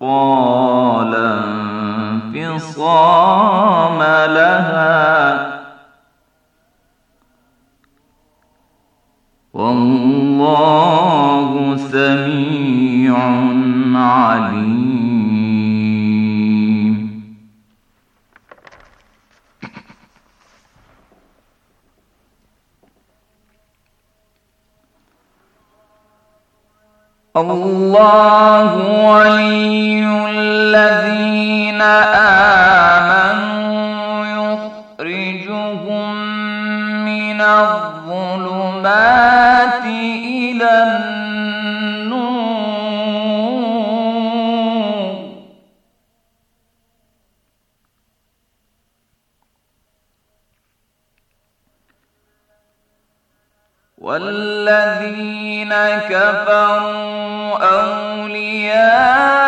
قال انفصام لها والله سميع عليم الله ولي الذين آمنوا يخرجهم من الظلمات إلى النار والذين كفروا أولياء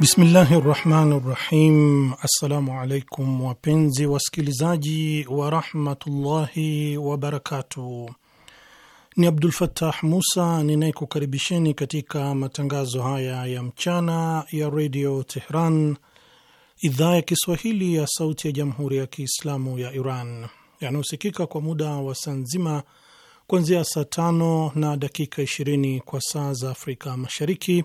Bismillahi rahmani rahim. Assalamu alaikum wapenzi wasikilizaji warahmatullahi wabarakatuh. Ni Abdul Fattah Musa ninayekukaribisheni katika matangazo haya ya mchana ya redio Tehran, idhaa ya Kiswahili ya sauti ya jamhuri ya Kiislamu ya Iran, yanayosikika kwa muda wa saa nzima kuanzia saa tano na dakika 20 kwa saa za Afrika Mashariki,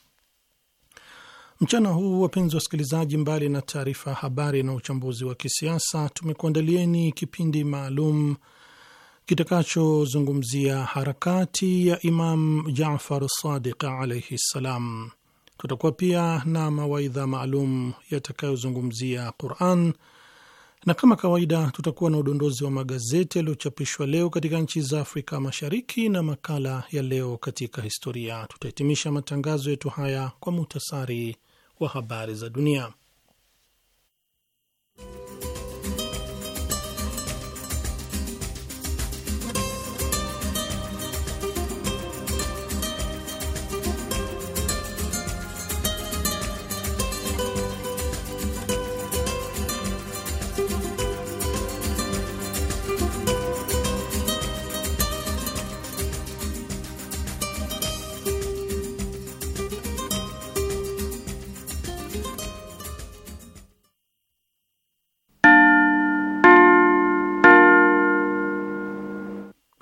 Mchana huu wapenzi wasikilizaji, mbali na taarifa ya habari na uchambuzi wa kisiasa, tumekuandalieni kipindi maalum kitakachozungumzia harakati ya Imam Jafar Sadiq alaihi ssalam. Tutakuwa pia na mawaidha maalum yatakayozungumzia Quran na kama kawaida tutakuwa na udondozi wa magazeti yaliyochapishwa leo katika nchi za Afrika Mashariki na makala ya leo katika historia. Tutahitimisha matangazo yetu haya kwa muhtasari wa habari za dunia.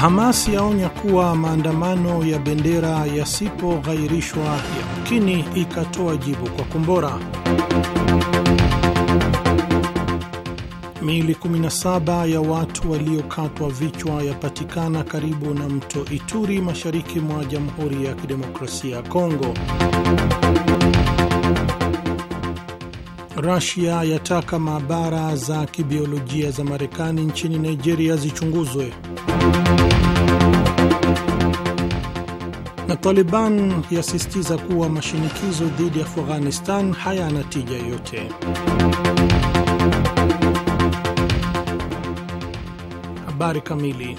Hamas yaonya kuwa maandamano ya bendera yasipoghairishwa yamkini ikatoa jibu kwa kombora. Miili 17 ya watu waliokatwa vichwa yapatikana karibu na mto Ituri mashariki mwa Jamhuri ya Kidemokrasia ya Kongo. rusia yataka maabara za kibiolojia za Marekani nchini Nigeria zichunguzwe. Na Taliban yasisitiza kuwa mashinikizo dhidi ya Afghanistan hayana tija yote. Habari kamili.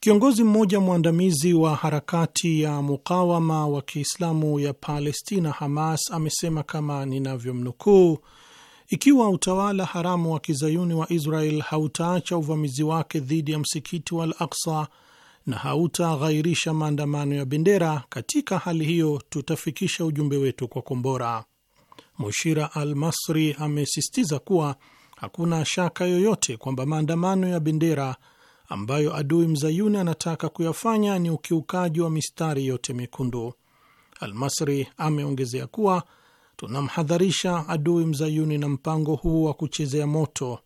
Kiongozi mmoja mwandamizi wa harakati ya mukawama wa Kiislamu ya Palestina, Hamas, amesema kama ninavyomnukuu ikiwa utawala haramu wa kizayuni wa Israel hautaacha uvamizi wake dhidi ya msikiti wa Al Aksa na hautaghairisha maandamano ya bendera, katika hali hiyo tutafikisha ujumbe wetu kwa kombora. Mushira Al Masri amesisitiza kuwa hakuna shaka yoyote kwamba maandamano ya bendera ambayo adui mzayuni anataka kuyafanya ni ukiukaji wa mistari yote mekundu. Al Masri ameongezea kuwa tunamhadharisha adui mzayuni na mpango huu wa kuchezea moto,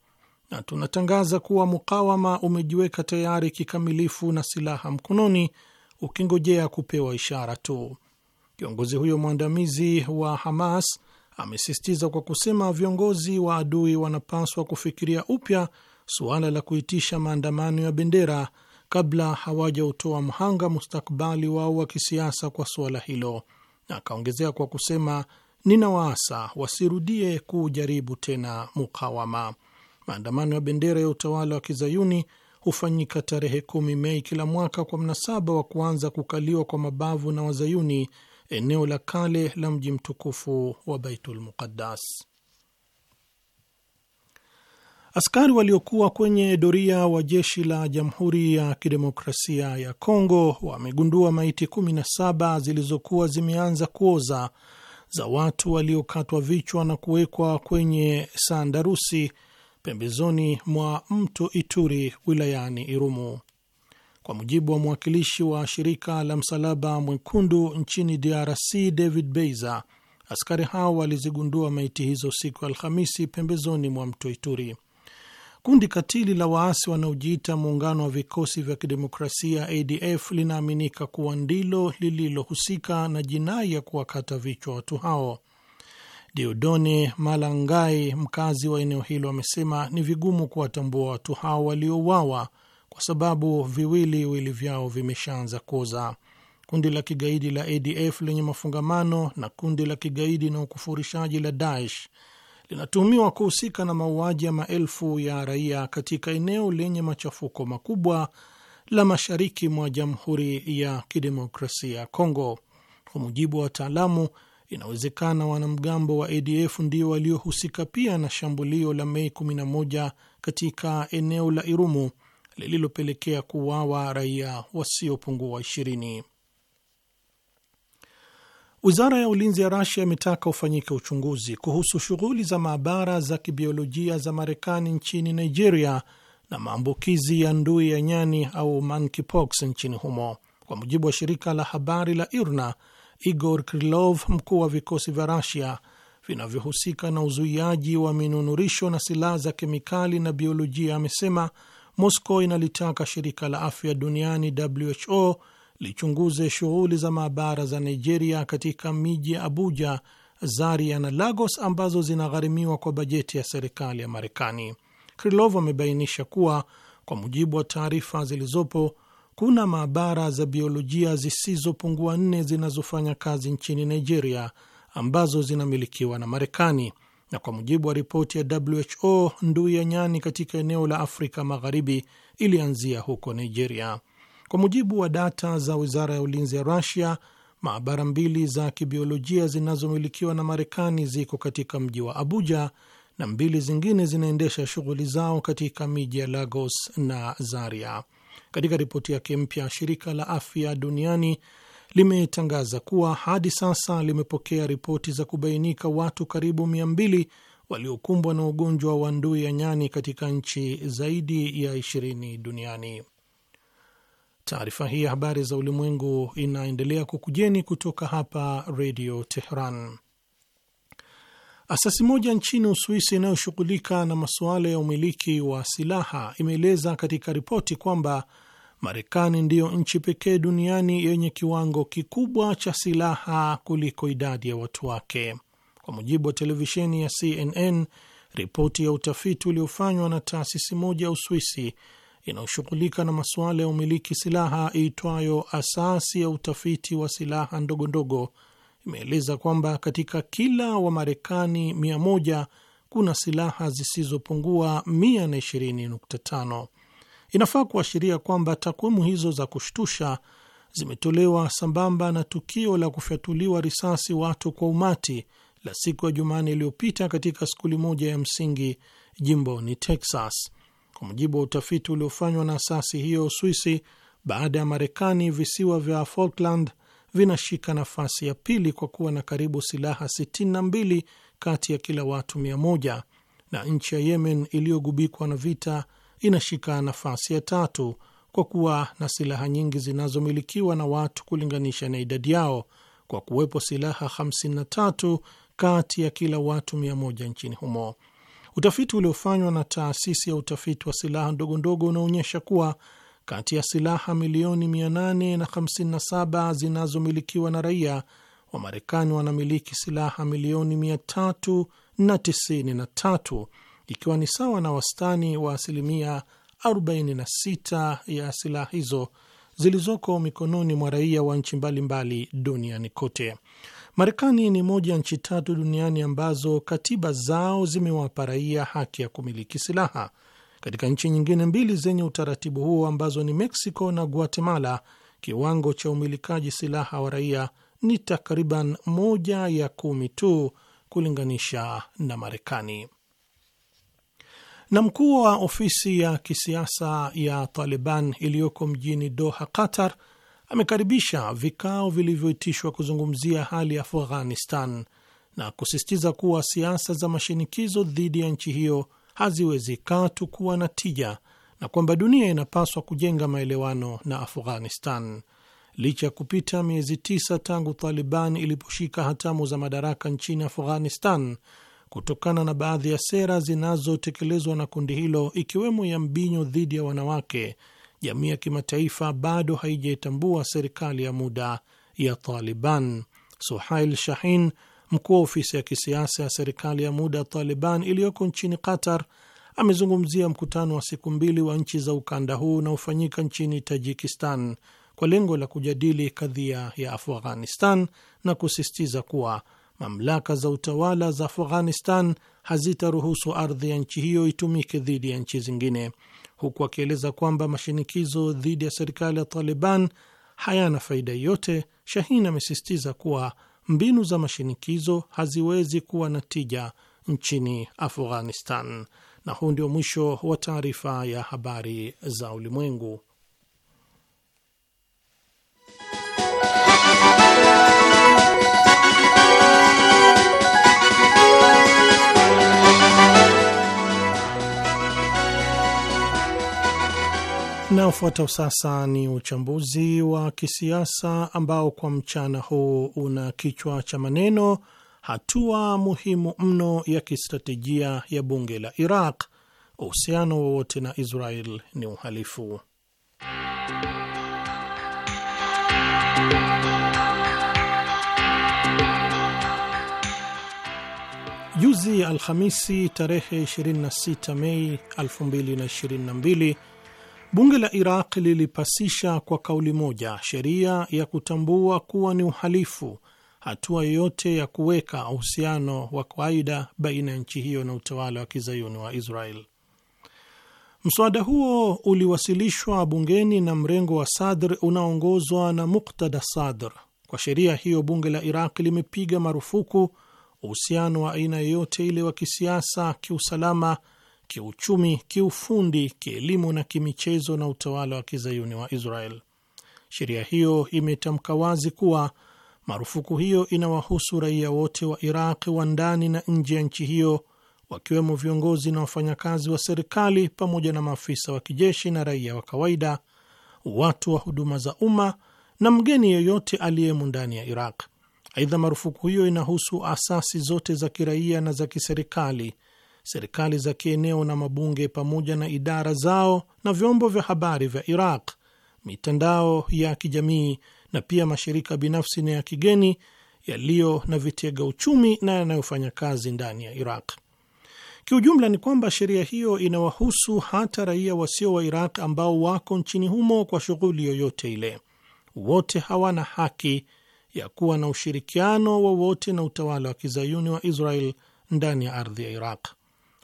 na tunatangaza kuwa mukawama umejiweka tayari kikamilifu na silaha mkononi, ukingojea kupewa ishara tu. Kiongozi huyo mwandamizi wa Hamas amesisitiza kwa kusema viongozi wa adui wanapaswa kufikiria upya suala la kuitisha maandamano ya bendera kabla hawajautoa mhanga mustakbali wao wa kisiasa kwa suala hilo, na akaongezea kwa kusema ninawaasa wasirudie kujaribu tena mukawama. Maandamano ya bendera ya utawala wa kizayuni hufanyika tarehe kumi Mei kila mwaka kwa mnasaba wa kuanza kukaliwa kwa mabavu na wazayuni eneo la kale la mji mtukufu wa Baitul Muqaddas. Askari waliokuwa kwenye doria wa jeshi la Jamhuri ya Kidemokrasia ya Kongo wamegundua maiti 17 zilizokuwa zimeanza kuoza za watu waliokatwa vichwa na kuwekwa kwenye sandarusi pembezoni mwa mto Ituri wilayani Irumu. Kwa mujibu wa mwakilishi wa shirika la Msalaba Mwekundu nchini DRC David Beiza, askari hao walizigundua maiti hizo siku Alhamisi pembezoni mwa mto Ituri. Kundi katili la waasi wanaojiita muungano wa vikosi vya kidemokrasia ADF linaaminika kuwa ndilo lililohusika na jinai ya kuwakata vichwa watu hao. Diodone Malangai, mkazi wa eneo hilo, amesema ni vigumu kuwatambua watu hao waliouawa kwa sababu viwili wili vyao vimeshaanza kuoza. Kundi la kigaidi la ADF lenye mafungamano na kundi la kigaidi na ukufurishaji la Daesh linatuhumiwa kuhusika na mauaji ya maelfu ya raia katika eneo lenye machafuko makubwa la mashariki mwa Jamhuri ya Kidemokrasia ya Kongo. Kwa mujibu wa wataalamu, inawezekana wanamgambo wa ADF ndio waliohusika pia na shambulio la Mei 11 katika eneo la Irumu lililopelekea kuuawa raia wasiopungua wa 20. Wizara ya ulinzi ya Rasia imetaka ufanyike uchunguzi kuhusu shughuli za maabara za kibiolojia za Marekani nchini Nigeria na maambukizi ya ndui ya nyani au monkeypox nchini humo. Kwa mujibu wa shirika la habari la IRNA, Igor Krilov, mkuu wa vikosi vya Rasia vinavyohusika na uzuiaji wa minunurisho na silaha za kemikali na biolojia, amesema Moscow inalitaka shirika la afya duniani WHO lichunguze shughuli za maabara za Nigeria katika miji ya Abuja, Zaria na Lagos ambazo zinagharimiwa kwa bajeti ya serikali ya Marekani. Krilov amebainisha kuwa kwa mujibu wa taarifa zilizopo kuna maabara za biolojia zisizopungua nne zinazofanya kazi nchini Nigeria ambazo zinamilikiwa na Marekani, na kwa mujibu wa ripoti ya WHO, ndui ya nyani katika eneo la Afrika Magharibi ilianzia huko Nigeria. Kwa mujibu wa data za wizara ya ulinzi ya Rusia, maabara mbili za kibiolojia zinazomilikiwa na Marekani ziko katika mji wa Abuja na mbili zingine zinaendesha shughuli zao katika miji ya Lagos na Zaria. Katika ripoti yake mpya, shirika la afya duniani limetangaza kuwa hadi sasa limepokea ripoti za kubainika watu karibu mia mbili waliokumbwa na ugonjwa wa ndui ya nyani katika nchi zaidi ya ishirini duniani. Taarifa hii ya habari za ulimwengu inaendelea kukujeni kutoka hapa Redio Tehran. Asasi moja nchini Uswisi inayoshughulika na masuala ya umiliki wa silaha imeeleza katika ripoti kwamba Marekani ndiyo nchi pekee duniani yenye kiwango kikubwa cha silaha kuliko idadi ya watu wake. Kwa mujibu wa televisheni ya CNN, ripoti ya utafiti uliofanywa na taasisi moja ya Uswisi inayoshughulika na masuala ya umiliki silaha iitwayo Asasi ya Utafiti wa Silaha Ndogondogo imeeleza kwamba katika kila wa marekani 100 kuna silaha zisizopungua 120.5. Inafaa kuashiria kwamba takwimu hizo za kushtusha zimetolewa sambamba na tukio la kufyatuliwa risasi watu kwa umati la siku ya Jumane iliyopita katika skuli moja ya msingi jimboni Texas. Kwa mujibu wa utafiti uliofanywa na asasi hiyo Uswisi, baada ya Marekani, visiwa vya Falkland vinashika nafasi ya pili kwa kuwa na karibu silaha 62 kati ya kila watu 100 na nchi ya Yemen iliyogubikwa na vita inashika nafasi ya tatu kwa kuwa na silaha nyingi zinazomilikiwa na watu kulinganisha na idadi yao kwa kuwepo silaha 53 kati ya kila watu 100 nchini humo. Utafiti uliofanywa na taasisi ya utafiti wa silaha ndogo ndogo unaonyesha kuwa kati ya silaha milioni 857 zinazomilikiwa na raia Wamarekani wanamiliki silaha milioni 393 ikiwa ni sawa na wastani wa asilimia 46 ya silaha hizo zilizoko mikononi mwa raia wa nchi mbalimbali duniani kote. Marekani ni moja ya nchi tatu duniani ambazo katiba zao zimewapa raia haki ya kumiliki silaha. Katika nchi nyingine mbili zenye utaratibu huo ambazo ni Mexico na Guatemala, kiwango cha umilikaji silaha wa raia ni takriban moja ya kumi tu kulinganisha na Marekani. Na mkuu wa ofisi ya kisiasa ya Taliban iliyoko mjini Doha, Qatar, amekaribisha vikao vilivyoitishwa kuzungumzia hali ya Afghanistan na kusisitiza kuwa siasa za mashinikizo dhidi ya nchi hiyo haziwezi katu kuwa na tija na kwamba dunia inapaswa kujenga maelewano na Afghanistan. Licha ya kupita miezi tisa tangu Taliban iliposhika hatamu za madaraka nchini Afghanistan, kutokana na baadhi ya sera zinazotekelezwa na kundi hilo, ikiwemo ya mbinyo dhidi ya wanawake jamii ya kimataifa bado haijaitambua serikali ya muda ya Taliban. Suhail Shahin, mkuu wa ofisi ya kisiasa ya serikali ya muda ya Taliban iliyoko nchini Qatar, amezungumzia mkutano wa siku mbili wa nchi za ukanda huu unaofanyika nchini Tajikistan kwa lengo la kujadili kadhia ya Afghanistan na kusisitiza kuwa mamlaka za utawala za Afghanistan hazitaruhusu ardhi ya nchi hiyo itumike dhidi ya nchi zingine huku akieleza kwamba mashinikizo dhidi ya serikali ya Taliban hayana faida yoyote. Shahin amesisitiza kuwa mbinu za mashinikizo haziwezi kuwa na tija nchini Afghanistan. Na huu ndio mwisho wa taarifa ya habari za ulimwengu. Na ufuatao sasa ni uchambuzi wa kisiasa ambao kwa mchana huu una kichwa cha maneno hatua muhimu mno ya kistratejia ya bunge la Iraq, uhusiano wowote na Israel ni uhalifu. Juzi Alhamisi tarehe 26 Mei 2022 Bunge la Iraq lilipasisha kwa kauli moja sheria ya kutambua kuwa ni uhalifu hatua yoyote ya kuweka uhusiano wa kawaida baina ya nchi hiyo na utawala wa kizayuni wa Israel. Mswada huo uliwasilishwa bungeni na mrengo wa Sadr unaoongozwa na Muktada Sadr. Kwa sheria hiyo, bunge la Iraq limepiga marufuku uhusiano wa aina yoyote ile wa kisiasa, kiusalama kiuchumi, kiufundi, kielimu na kimichezo na utawala wa kizayuni wa Israel. Sheria hiyo imetamka wazi kuwa marufuku hiyo inawahusu raia wote wa Iraq wa ndani na nje ya nchi hiyo, wakiwemo viongozi na wafanyakazi wa serikali pamoja na maafisa wa kijeshi na raia wa kawaida, watu wa huduma za umma na mgeni yeyote aliyemo ndani ya Iraq. Aidha, marufuku hiyo inahusu asasi zote za kiraia na za kiserikali serikali za kieneo na mabunge pamoja na idara zao na vyombo vya habari vya Iraq, mitandao ya kijamii na pia mashirika binafsi na ya kigeni yaliyo na vitega uchumi na yanayofanya kazi ndani ya Iraq. Kiujumla ni kwamba sheria hiyo inawahusu hata raia wasio wa Iraq ambao wako nchini humo kwa shughuli yoyote ile. Wote hawana haki ya kuwa na ushirikiano wowote na utawala wa kizayuni wa Israel ndani ya ardhi ya Iraq.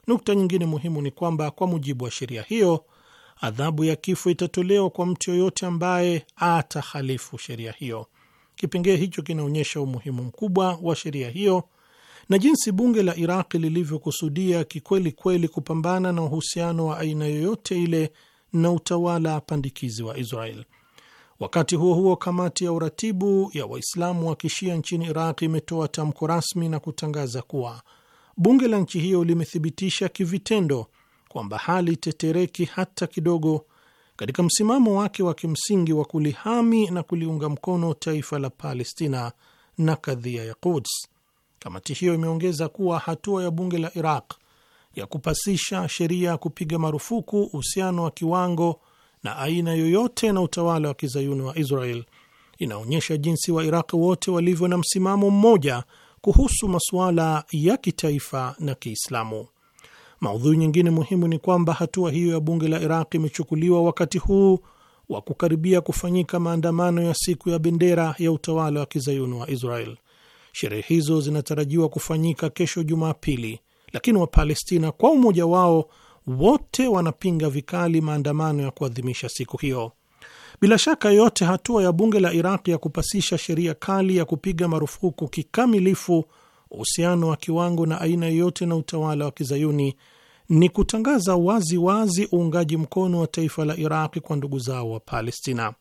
Nukta nyingine muhimu ni kwamba kwa mujibu wa sheria hiyo, adhabu ya kifo itatolewa kwa mtu yoyote ambaye atahalifu sheria hiyo. Kipengee hicho kinaonyesha umuhimu mkubwa wa sheria hiyo na jinsi bunge la Iraqi lilivyokusudia kikweli kweli kupambana na uhusiano wa aina yoyote ile na utawala pandikizi wa Israel. Wakati huo huo, kamati ya uratibu ya Waislamu wa kishia nchini Iraq imetoa tamko rasmi na kutangaza kuwa bunge la nchi hiyo limethibitisha kivitendo kwamba hali tetereki hata kidogo katika msimamo wake wa kimsingi wa kulihami na kuliunga mkono taifa la Palestina na kadhia ya Quds. Kamati hiyo imeongeza kuwa hatua ya bunge la Iraq ya kupasisha sheria ya kupiga marufuku uhusiano wa kiwango na aina yoyote na utawala wa kizayuni wa Israel inaonyesha jinsi wa iraq wote walivyo na msimamo mmoja kuhusu masuala ya kitaifa na Kiislamu. Maudhui nyingine muhimu ni kwamba hatua hiyo ya bunge la Iraq imechukuliwa wakati huu wa kukaribia kufanyika maandamano ya siku ya bendera ya utawala wa kizayuni wa Israel. Sherehe hizo zinatarajiwa kufanyika kesho Jumapili, lakini Wapalestina kwa umoja wao wote wanapinga vikali maandamano ya kuadhimisha siku hiyo. Bila shaka yote, hatua ya bunge la Iraq ya kupasisha sheria kali ya kupiga marufuku kikamilifu uhusiano wa kiwango na aina yoyote na utawala wa kizayuni ni kutangaza wazi wazi uungaji mkono wa taifa la iraq kwa ndugu zao wa Palestina.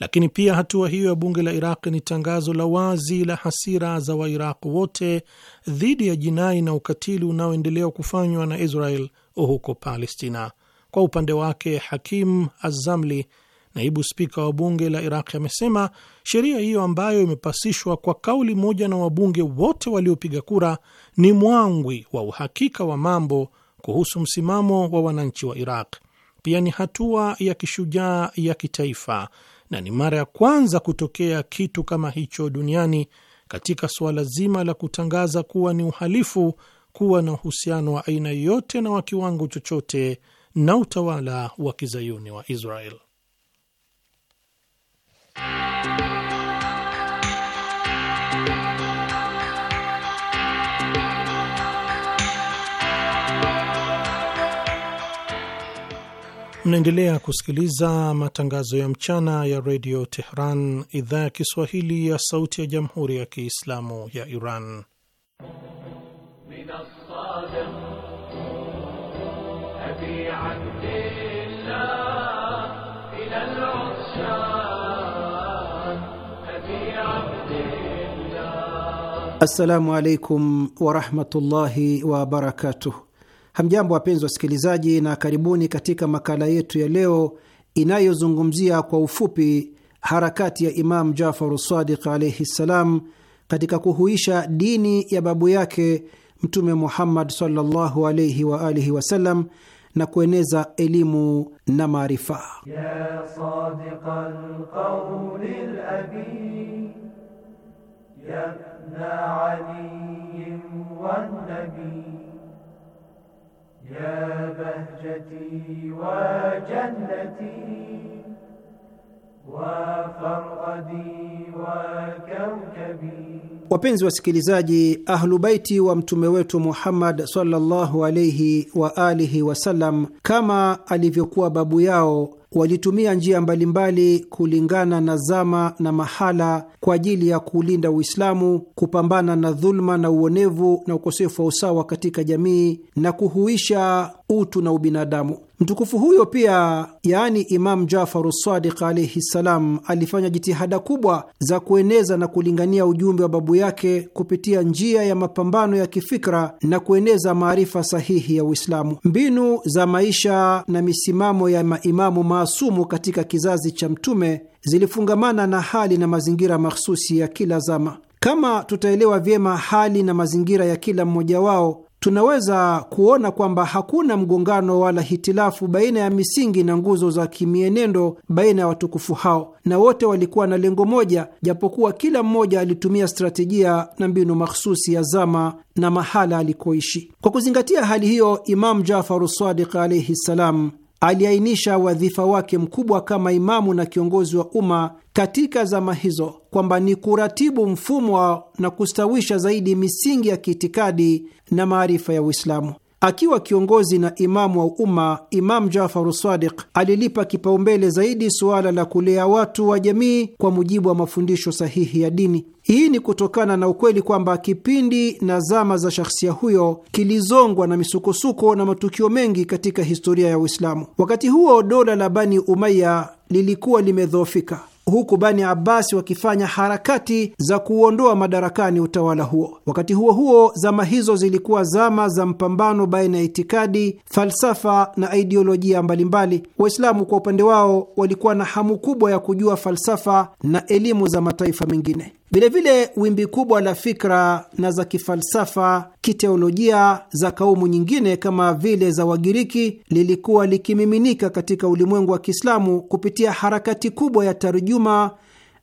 Lakini pia hatua hiyo ya bunge la iraq ni tangazo la wazi la hasira za Wairaq wote dhidi ya jinai na ukatili unaoendelea kufanywa na Israel huko Palestina. Kwa upande wake, Hakim Azamli, naibu spika wa bunge la Iraqi, amesema sheria hiyo ambayo imepasishwa kwa kauli moja na wabunge wote waliopiga kura ni mwangwi wa uhakika wa mambo kuhusu msimamo wa wananchi wa Iraq. Pia ni hatua ya kishujaa ya kitaifa na ni mara ya kwanza kutokea kitu kama hicho duniani katika suala zima la kutangaza kuwa ni uhalifu kuwa na uhusiano wa aina yoyote na wa kiwango chochote na utawala wa kizayuni wa Israel. Mnaendelea kusikiliza matangazo ya mchana ya redio Tehran, idhaa ya Kiswahili ya sauti ya jamhuri ya kiislamu ya Iran. Assalamu alaikum warahmatullahi wabarakatuh. Hamjambo wapenzi wasikilizaji, na karibuni katika makala yetu ya leo inayozungumzia kwa ufupi harakati ya Imam Jafaru Sadiq alaihi ssalam katika kuhuisha dini ya babu yake Mtume Muhammad sallallahu alaihi wa alihi wasallam na kueneza elimu na maarifa ya wa jannati Wapenzi wasikilizaji, Ahlubaiti wa mtume wetu Muhammad sallallahu alaihi wa alihi wasallam, kama alivyokuwa babu yao walitumia njia mbalimbali kulingana na zama na mahala kwa ajili ya kuulinda Uislamu, kupambana na dhuluma na uonevu na ukosefu wa usawa katika jamii na kuhuisha utu na ubinadamu. Mtukufu huyo pia, yaani Imamu Jafaru Sadiq alaihi ssalam, alifanya jitihada kubwa za kueneza na kulingania ujumbe wa babu yake kupitia njia ya mapambano ya kifikra na kueneza maarifa sahihi ya Uislamu. Mbinu za maisha na misimamo ya maimamu maasumu katika kizazi cha Mtume zilifungamana na hali na mazingira mahsusi ya kila zama. Kama tutaelewa vyema hali na mazingira ya kila mmoja wao tunaweza kuona kwamba hakuna mgongano wala hitilafu baina ya misingi na nguzo za kimienendo baina ya watukufu hao, na wote walikuwa na lengo moja, japokuwa kila mmoja alitumia stratejia na mbinu mahsusi ya zama na mahala alikoishi. Kwa kuzingatia hali hiyo, imamu Jafaru Sadiq alaihi ssalam aliainisha wadhifa wake mkubwa kama imamu na kiongozi wa umma katika zama hizo kwamba ni kuratibu mfumo na kustawisha zaidi misingi ya kiitikadi na maarifa ya Uislamu. Akiwa kiongozi na imamu wa umma, Imamu Jafaru Sadiq alilipa kipaumbele zaidi suala la kulea watu wa jamii kwa mujibu wa mafundisho sahihi ya dini. Hii ni kutokana na ukweli kwamba kipindi na zama za shahsia huyo kilizongwa na misukosuko na matukio mengi katika historia ya Uislamu. Wakati huo dola la Bani Umaya lilikuwa limedhoofika huku Bani abasi wakifanya harakati za kuuondoa madarakani utawala huo. Wakati huo huo, zama hizo zilikuwa zama za mpambano baina ya itikadi, falsafa na ideolojia mbalimbali. Waislamu kwa upande wao walikuwa na hamu kubwa ya kujua falsafa na elimu za mataifa mengine. Vilevile wimbi kubwa la fikra na za kifalsafa kiteolojia za kaumu nyingine kama vile za Wagiriki lilikuwa likimiminika katika ulimwengu wa Kiislamu kupitia harakati kubwa ya tarjuma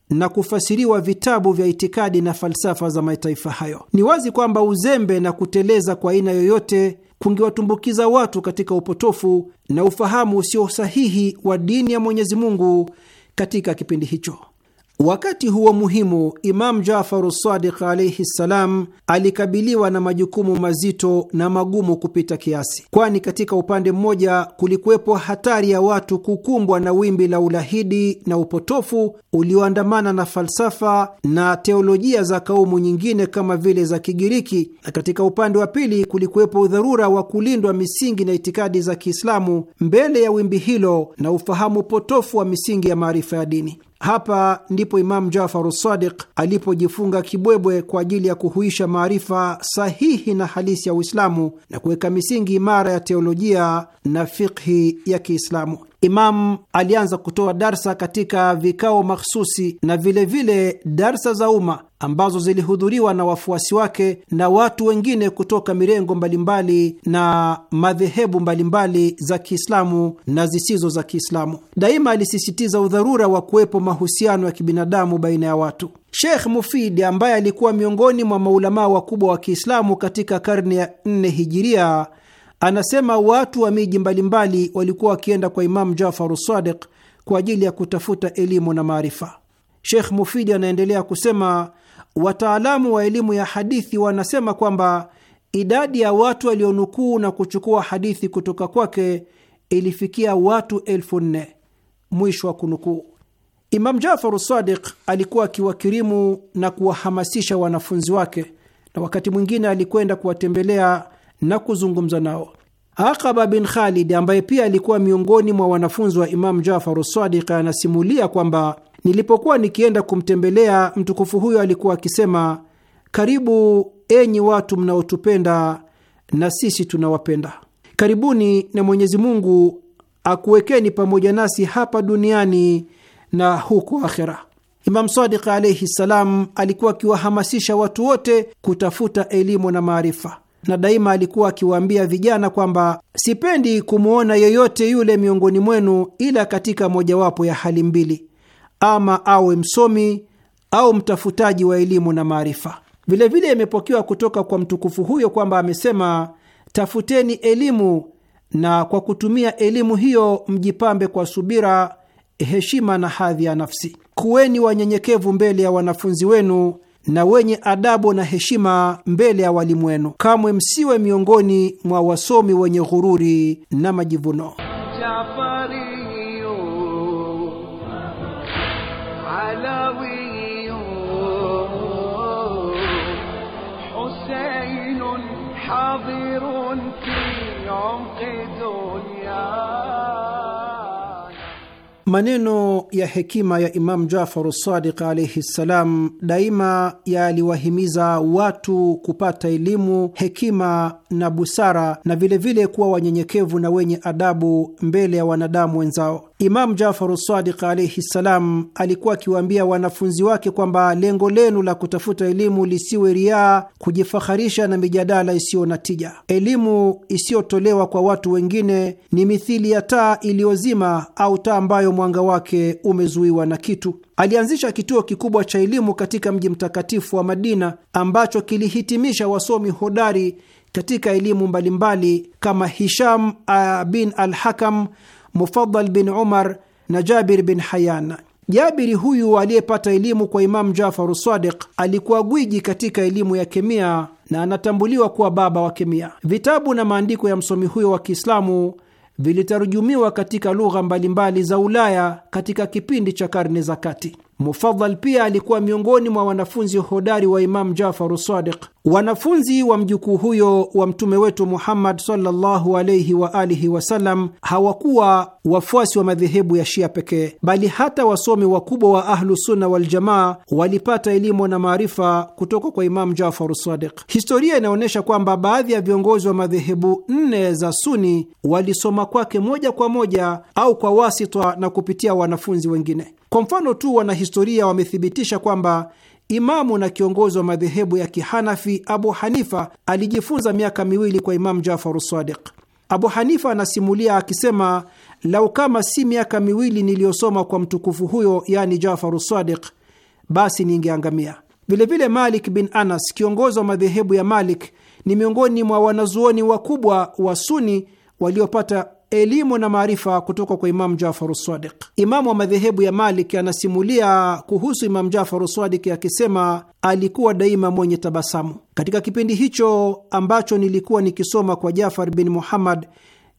na kufasiriwa vitabu vya itikadi na falsafa za mataifa hayo. Ni wazi kwamba uzembe na kuteleza kwa aina yoyote kungewatumbukiza watu katika upotofu na ufahamu usio sahihi wa dini ya Mwenyezi Mungu katika kipindi hicho. Wakati huo muhimu, Imamu Jafaru Sadiq alaihi ssalam alikabiliwa na majukumu mazito na magumu kupita kiasi, kwani katika upande mmoja kulikuwepo hatari ya watu kukumbwa na wimbi la ulahidi na upotofu ulioandamana na falsafa na teolojia za kaumu nyingine kama vile za Kigiriki, na katika upande wa pili kulikuwepo udharura wa kulindwa misingi na itikadi za Kiislamu mbele ya wimbi hilo na ufahamu potofu wa misingi ya maarifa ya dini. Hapa ndipo Imamu Jafaru Sadiq alipojifunga kibwebwe kwa ajili ya kuhuisha maarifa sahihi na halisi ya Uislamu na kuweka misingi imara ya teolojia na fikhi ya Kiislamu. Imamu alianza kutoa darsa katika vikao makhususi na vilevile darsa za umma ambazo zilihudhuriwa na wafuasi wake na watu wengine kutoka mirengo mbalimbali na madhehebu mbalimbali za Kiislamu na zisizo za Kiislamu. Daima alisisitiza udharura wa kuwepo mahusiano ya kibinadamu baina ya watu. Sheikh mufidi ambaye alikuwa miongoni mwa maulamaa wakubwa wa Kiislamu katika karne ya nne hijiria, anasema watu wa miji mbalimbali walikuwa wakienda kwa Imamu Jafaru Sadiq kwa ajili ya kutafuta elimu na maarifa. Sheikh Mufidi anaendelea kusema Wataalamu wa elimu ya hadithi wanasema kwamba idadi ya watu walionukuu na kuchukua hadithi kutoka kwake ilifikia watu elfu nne. Mwisho wa kunukuu. Imam Jafar Sadiq alikuwa akiwakirimu na kuwahamasisha wanafunzi wake, na wakati mwingine alikwenda kuwatembelea na kuzungumza nao. Aqaba bin Khalid ambaye pia alikuwa miongoni mwa wanafunzi wa Imamu jafar Sadiq anasimulia kwamba Nilipokuwa nikienda kumtembelea mtukufu huyo alikuwa akisema, karibu enyi watu mnaotupenda na sisi tunawapenda, karibuni na Mwenyezi Mungu akuwekeni pamoja nasi hapa duniani na huko akhera. Imam Sadiq alaihi ssalam alikuwa akiwahamasisha watu wote kutafuta elimu na maarifa, na daima alikuwa akiwaambia vijana kwamba sipendi kumwona yeyote yule miongoni mwenu ila katika mojawapo ya hali mbili ama awe msomi au mtafutaji wa elimu na maarifa. Vilevile imepokewa kutoka kwa mtukufu huyo kwamba amesema, tafuteni elimu na kwa kutumia elimu hiyo mjipambe kwa subira, heshima na hadhi ya nafsi. Kuweni wanyenyekevu mbele ya wanafunzi wenu na wenye adabu na heshima mbele ya walimu wenu. Kamwe msiwe miongoni mwa wasomi wenye ghururi na majivuno. Maneno ya hekima ya Imamu Jafaru Sadiq alaihi ssalam daima yaliwahimiza watu kupata elimu, hekima na busara na vilevile kuwa wanyenyekevu na wenye adabu mbele ya wanadamu wenzao. Imamu Jafaru Sadiq alaihi ssalam alikuwa akiwaambia wanafunzi wake kwamba lengo lenu la kutafuta elimu lisiwe riaa, kujifaharisha na mijadala isiyo na tija. Elimu isiyotolewa kwa watu wengine ni mithili ya taa iliyozima au taa ambayo mwanga wake umezuiwa na kitu. Alianzisha kituo kikubwa cha elimu katika mji mtakatifu wa Madina ambacho kilihitimisha wasomi hodari katika elimu mbalimbali kama Hisham bin al-Hakam mufaddal bin Umar na Jabir bin Hayyan. Jabiri huyu aliyepata elimu kwa Imamu Jafaru Sadiq alikuwa gwiji katika elimu ya kemia na anatambuliwa kuwa baba wa kemia. Vitabu na maandiko ya msomi huyo wa Kiislamu vilitarujumiwa katika lugha mbalimbali za Ulaya katika kipindi cha karne za kati. Mufadhal pia alikuwa miongoni mwa wanafunzi hodari wa Imamu jafar Sadiq. Wanafunzi wa mjukuu huyo wa mtume wetu Muhammad sallallahu wa alihi wasallam hawakuwa wafuasi wa madhehebu ya Shia pekee, bali hata wasomi wakubwa wa Ahlusunna Waljamaa walipata elimu na maarifa kutoka kwa Imamu jafar Sadiq. Historia inaonyesha kwamba baadhi ya viongozi wa madhehebu nne za Suni walisoma kwake moja kwa moja au kwa wasita na kupitia wanafunzi wengine. Kwa mfano tu, wanahistoria wamethibitisha kwamba imamu na kiongozi wa madhehebu ya kihanafi Abu Hanifa alijifunza miaka miwili kwa Imamu Jafaru Sadiq. Abu Hanifa anasimulia akisema, lau kama si miaka miwili niliyosoma kwa mtukufu huyo, yaani Jafaru Sadiq, basi ningeangamia. Vilevile Malik bin Anas, kiongozi wa madhehebu ya Malik, ni miongoni mwa wanazuoni wakubwa wa Suni waliopata elimu na maarifa kutoka kwa Imamu Jafaru Sadiq. Imamu wa madhehebu ya Malik anasimulia kuhusu Imamu Jafaru Sadiq akisema, alikuwa daima mwenye tabasamu. Katika kipindi hicho ambacho nilikuwa nikisoma kwa Jafar bin Muhammad,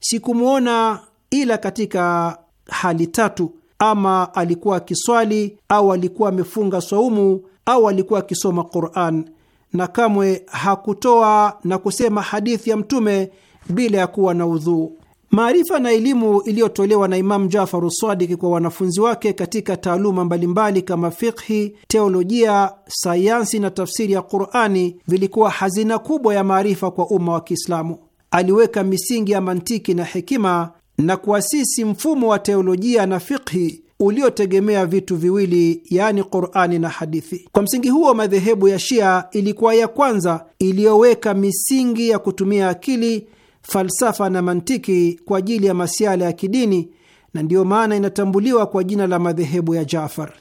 sikumwona ila katika hali tatu: ama alikuwa akiswali, au alikuwa amefunga swaumu, au alikuwa akisoma Quran, na kamwe hakutoa na kusema hadithi ya Mtume bila ya kuwa na udhuu. Maarifa na elimu iliyotolewa na Imamu Jafaru Sadiki kwa wanafunzi wake katika taaluma mbalimbali kama fikhi, teolojia, sayansi na tafsiri ya Qurani vilikuwa hazina kubwa ya maarifa kwa umma wa Kiislamu. Aliweka misingi ya mantiki na hekima na kuasisi mfumo wa teolojia na fikhi uliotegemea vitu viwili yaani Qurani na hadithi. Kwa msingi huo, madhehebu ya Shia ilikuwa ya kwanza iliyoweka misingi ya kutumia akili falsafa na mantiki kwa ajili ya masiala ya kidini, na ndiyo maana inatambuliwa kwa jina la madhehebu ya Jafar.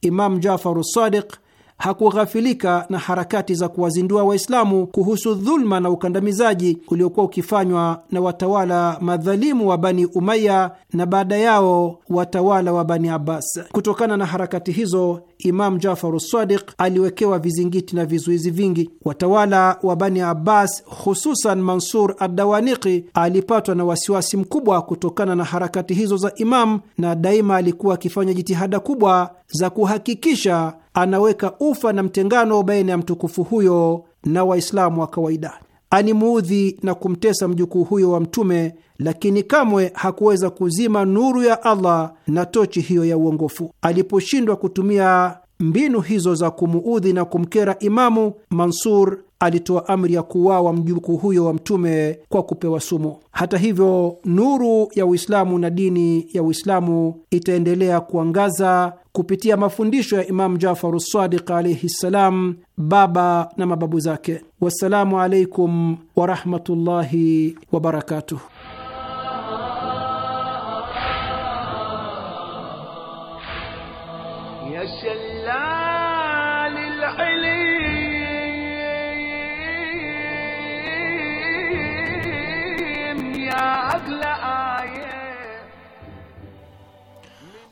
Imam Jafar Sadiq hakughafilika na harakati za kuwazindua Waislamu kuhusu dhuluma na ukandamizaji uliokuwa ukifanywa na watawala madhalimu wa Bani Umaya na baada yao watawala wa Bani Abbas. Kutokana na harakati hizo, Imam Jafaru Sadiq aliwekewa vizingiti na vizuizi vingi. Watawala wa Bani Abbas, hususan Mansur Adawaniki, alipatwa na wasiwasi mkubwa kutokana na harakati hizo za Imam, na daima alikuwa akifanya jitihada kubwa za kuhakikisha anaweka ufa na mtengano baina ya mtukufu huyo na Waislamu wa kawaida. animuudhi na kumtesa mjukuu huyo wa Mtume, lakini kamwe hakuweza kuzima nuru ya Allah na tochi hiyo ya uongofu. Aliposhindwa kutumia mbinu hizo za kumuudhi na kumkera Imamu Mansur alitoa amri ya kuuawa mjukuu huyo wa Mtume kwa kupewa sumu. Hata hivyo, nuru ya Uislamu na dini ya Uislamu itaendelea kuangaza kupitia mafundisho ya Imamu Jafaru Sadiq alaihi ssalam, baba na mababu zake. Wassalamu alaikum warahmatullahi wabarakatuh.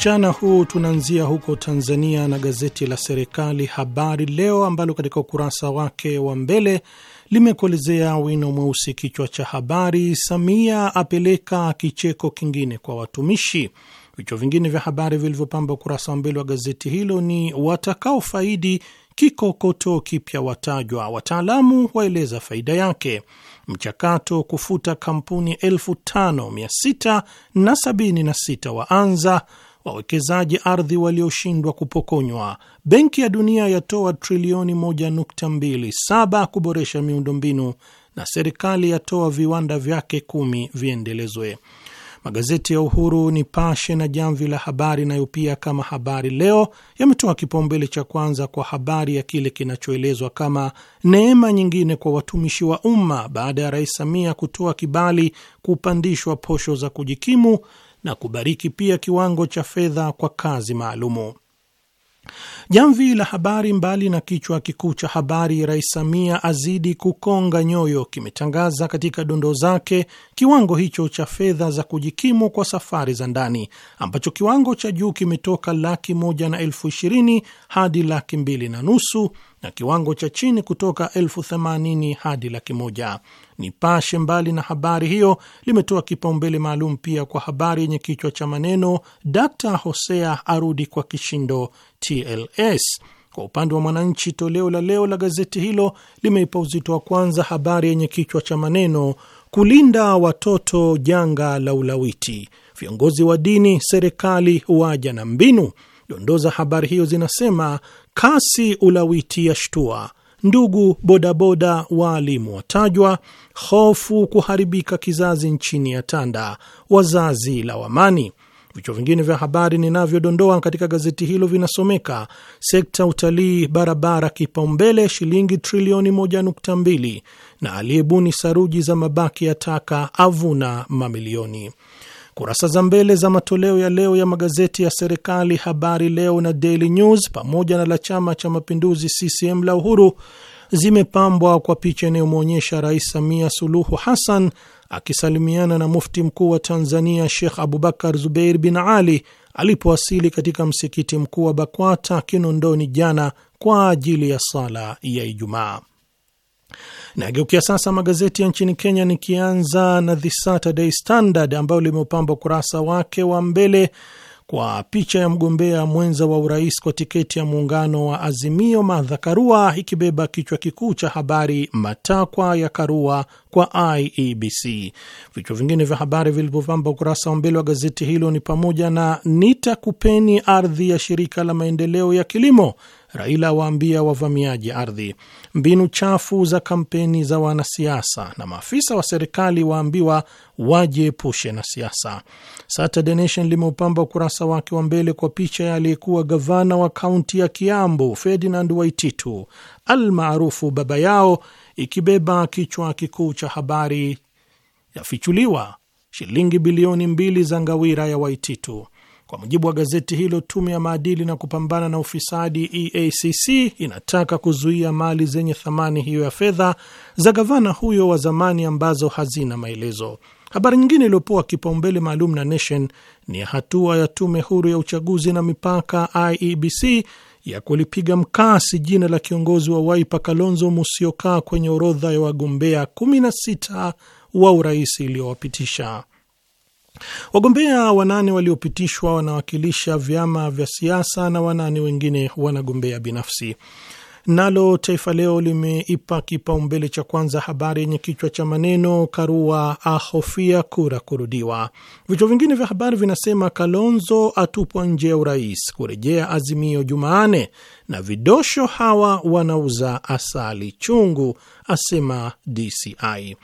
Mchana huu tunaanzia huko Tanzania na gazeti la serikali Habari Leo ambalo katika ukurasa wake wa mbele limekuelezea wino mweusi, kichwa cha habari, Samia apeleka kicheko kingine kwa watumishi. Vichwa vingine vya habari vilivyopamba ukurasa wa mbele wa gazeti hilo ni watakaofaidi kikokotoo kipya watajwa, wataalamu waeleza faida yake, mchakato kufuta kampuni 5676 waanza wawekezaji ardhi walioshindwa kupokonywa. Benki ya Dunia yatoa trilioni 1.27 kuboresha miundombinu na serikali yatoa viwanda vyake kumi viendelezwe. Magazeti ya Uhuru, Nipashe na Jamvi la Habari nayo pia kama Habari Leo yametoa kipaumbele cha kwanza kwa habari ya kile kinachoelezwa kama neema nyingine kwa watumishi wa umma baada ya Rais Samia kutoa kibali kupandishwa posho za kujikimu na kubariki pia kiwango cha fedha kwa kazi maalumu. Jamvi la Habari, mbali na kichwa kikuu cha habari Rais Samia azidi kukonga nyoyo, kimetangaza katika dondoo zake kiwango hicho cha fedha za kujikimu kwa safari za ndani, ambacho kiwango cha juu kimetoka laki moja na elfu ishirini hadi laki mbili na nusu na kiwango cha chini kutoka elfu themanini hadi laki moja. Nipashe mbali na habari hiyo limetoa kipaumbele maalum pia kwa habari yenye kichwa cha maneno Dkt Hosea arudi kwa kishindo TLA s. Kwa upande wa Mwananchi toleo la leo la gazeti hilo limeipa uzito wa kwanza habari yenye kichwa cha maneno kulinda watoto janga la ulawiti, viongozi wa dini, serikali waja na mbinu. Dondoo za habari hiyo zinasema kasi ulawiti yashtua, ndugu bodaboda waalimu watajwa, hofu kuharibika kizazi nchini ya tanda, wazazi la wamani Vichwa vingine vya habari ninavyodondoa katika gazeti hilo vinasomeka: sekta utalii, barabara kipaumbele, shilingi trilioni mbili na aliyebuni saruji za mabaki ya taka avuna mamilioni. Kurasa za mbele za matoleo ya leo ya magazeti ya serikali, Habari Leo na Daily News pamoja na la Chama cha Mapinduzi CCM la Uhuru zimepambwa kwa picha inayomwonyesha Rais Samia Suluhu Hassan akisalimiana na mufti mkuu wa Tanzania Sheikh Abubakar Zubeir bin Ali alipowasili katika msikiti mkuu wa Bakwata Kinondoni jana kwa ajili ya sala ya Ijumaa. Nageukia sasa magazeti ya nchini Kenya, nikianza na The Saturday Standard ambayo limeupamba ukurasa wake wa mbele kwa picha ya mgombea mwenza wa urais kwa tiketi ya muungano wa Azimio Martha Karua ikibeba kichwa kikuu cha habari matakwa ya Karua kwa IEBC. Vichwa vingine vya habari vilivyopamba ukurasa wa mbele wa gazeti hilo ni pamoja na nitakupeni ardhi ya shirika la maendeleo ya kilimo, Raila waambia wavamiaji ardhi, mbinu chafu za kampeni za wanasiasa, na maafisa wa serikali waambiwa wajiepushe na siasa. Saturday Nation limeupamba ukurasa wake wa mbele kwa picha ya aliyekuwa gavana wa kaunti ya Kiambu Ferdinand Waititu almaarufu baba yao, ikibeba kichwa kikuu cha habari yafichuliwa shilingi bilioni mbili za ngawira ya Waititu. Kwa mujibu wa gazeti hilo, tume ya maadili na kupambana na ufisadi EACC inataka kuzuia mali zenye thamani hiyo ya fedha za gavana huyo wa zamani ambazo hazina maelezo. Habari nyingine iliyopoa kipaumbele maalum na Nation ni ya hatua ya tume huru ya uchaguzi na mipaka IEBC ya kulipiga mkasi jina la kiongozi wa Waipa Kalonzo Musyoka kwenye orodha ya wagombea 16 wa urais iliyowapitisha. Wagombea wanane waliopitishwa wanawakilisha vyama vya siasa na wanane wengine wanagombea binafsi. Nalo Taifa Leo limeipa kipaumbele cha kwanza habari yenye kichwa cha maneno Karua ahofia kura kurudiwa. Vichwa vingine vya habari vinasema Kalonzo atupwa nje ya urais, kurejea Azimio Jumaane, na vidosho hawa wanauza asali chungu, asema DCI.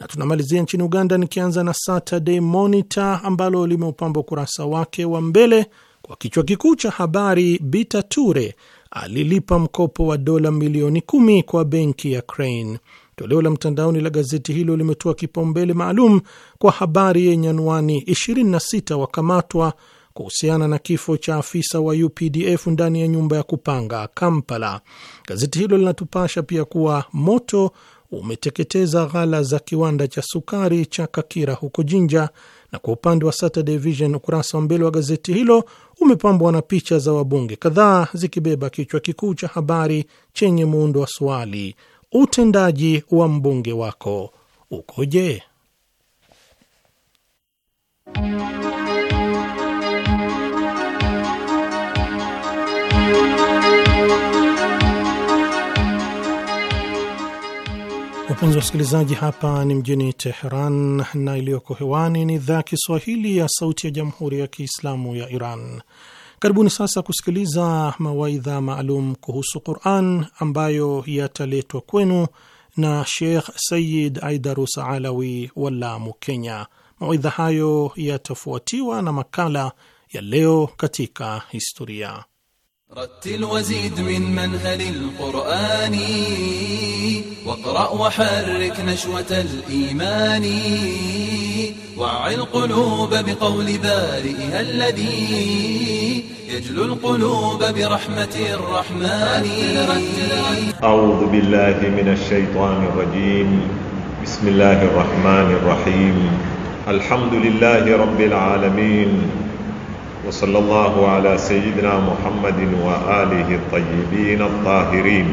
Na tunamalizia nchini Uganda, nikianza na Saturday Monitor ambalo limeupamba ukurasa wake wa mbele kwa kichwa kikuu cha habari Bita Ture alilipa mkopo wa dola milioni kumi kwa benki ya Crane. Toleo la mtandaoni la gazeti hilo limetoa kipaumbele maalum kwa habari yenye anwani 26 wakamatwa kuhusiana na kifo cha afisa wa UPDF ndani ya nyumba ya kupanga Kampala. Gazeti hilo linatupasha pia kuwa moto umeteketeza ghala za kiwanda cha sukari cha Kakira huko Jinja, na kwa upande wa Saturday Vision, ukurasa wa mbele wa gazeti hilo umepambwa na picha za wabunge kadhaa zikibeba kichwa kikuu cha habari chenye muundo wa swali, utendaji wa mbunge wako ukoje? Wapenzi wasikilizaji, hapa ni mjini Teheran na iliyoko hewani ni idhaa ya Kiswahili ya Sauti ya Jamhuri ya Kiislamu ya Iran. Karibuni sasa kusikiliza mawaidha maalum kuhusu Quran ambayo yataletwa kwenu na Sheikh Sayid Aidarus Alawi wa Lamu, Kenya. Mawaidha hayo yatafuatiwa na makala ya Leo katika Historia. رتل وزيد من منهل القرآن واقرأ وحرك نشوة الإيمان وعي القلوب بقول بارئها الذي يجلو القلوب برحمة الرحمن أعوذ بالله من الشيطان الرجيم بسم الله الرحمن الرحيم الحمد لله رب العالمين وصلى الله على سيدنا محمد وآله الطيبين الطاهرين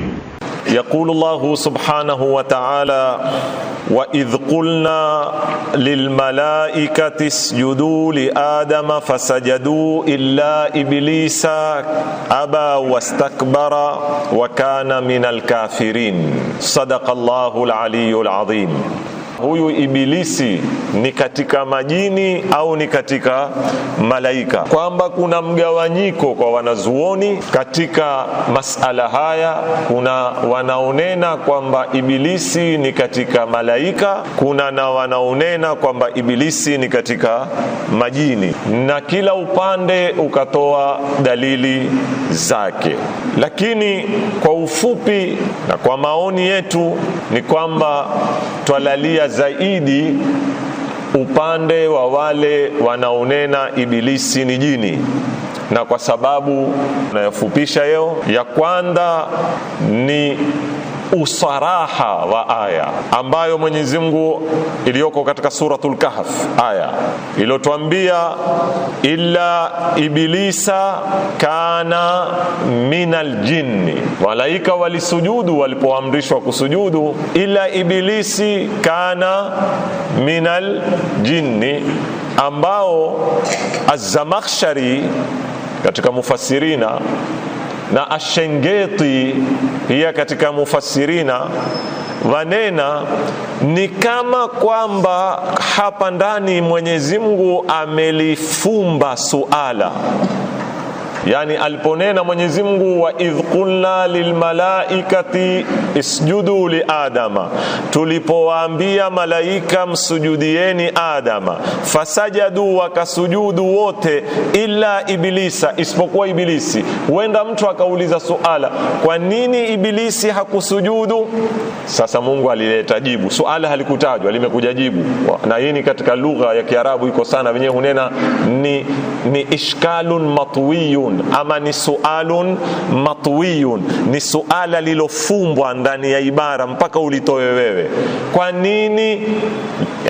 يقول الله سبحانه وتعالى واذ قلنا للملائكه اسجدوا لادم فسجدوا الا ابليس ابى واستكبر وكان من الكافرين صدق الله العلي العظيم huyu Ibilisi ni katika majini au ni katika malaika, kwamba kuna mgawanyiko kwa wanazuoni katika masala haya. Kuna wanaonena kwamba Ibilisi ni katika malaika, kuna na wanaonena kwamba Ibilisi ni katika majini, na kila upande ukatoa dalili zake, lakini kwa ufupi na kwa maoni yetu ni kwamba twalalia zaidi upande wa wale wanaonena ibilisi ni jini na kwa sababu nayofupisha yeo ya kwanza ni usaraha wa aya ambayo Mwenyezi Mungu iliyoko katika suratul Kahf, aya iliyotuambia illa ibilisa kana minal jinni, malaika walisujudu walipoamrishwa kusujudu, ila ibilisi kana minal jinni, ambao Azamakhshari katika mufasirina na Ashengeti hiya katika mufasirina wanena ni kama kwamba hapa ndani Mwenyezi Mungu amelifumba suala yani aliponena Mwenyezi Mungu wa idh qulna lilmalaikati isjudu li adama, tulipowaambia malaika msujudieni Adama, fasajadu wakasujudu wote ila ibilisa, isipokuwa ibilisi. Huenda mtu akauliza suala, kwa nini ibilisi hakusujudu? Sasa Mungu alileta jibu, suala halikutajwa, limekuja jibu, na hii ni katika lugha ya Kiarabu iko sana, wenyewe hunena ni, ni ishkalun matwiyun ama ni sualun matwiyun, ni suala lilofumbwa ndani ya ibara mpaka ulitoe wewe. Kwa nini?